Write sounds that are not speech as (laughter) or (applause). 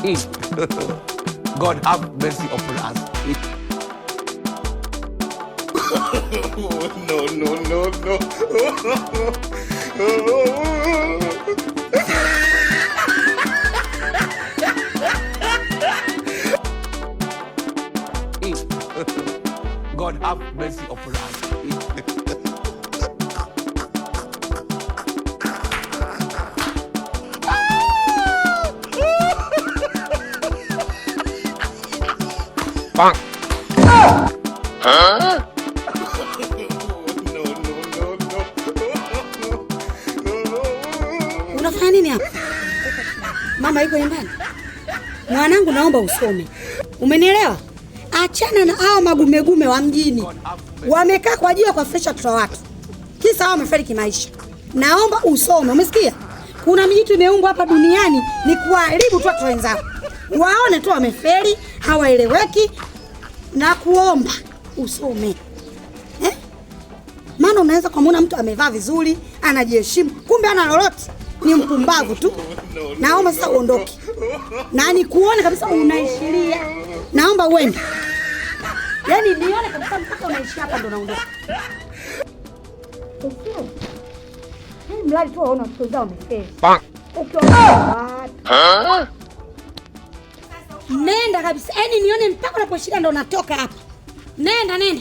(laughs) God have mercy upon us. (laughs) no, no, no, no. (laughs) God have mercy upon us. Bonk. Ah! Huh? Unafanya nini hapa? Mama yuko nyumbani. Mwanangu, naomba usome. Umenielewa? Achana na hao magumegume wa mjini, wamekaa kwa ajili ya kuwafresha watoto wake, kisa hao wamefariki maisha. Naomba usome, umesikia? Kuna mjitu imeumbwa hapa duniani ni kuharibu tu watu wenzao, waone tu wameferi, hawaeleweki, na kuomba usome eh? Maana unaweza kumwona mtu amevaa vizuri, anajiheshimu, kumbe ana lolote, ni mpumbavu tu. Naomba sasa uondoke na nikuone kabisa unaishiria, naomba uende, yaani nione kabisa mpaka unaishi hapa, ndo naondoka. Yaani mradi tu waona watoto zao wamefeli Nenda kabisa, yaani nione mpaka unaposhika ndo natoka hapa. Nenda, nenda.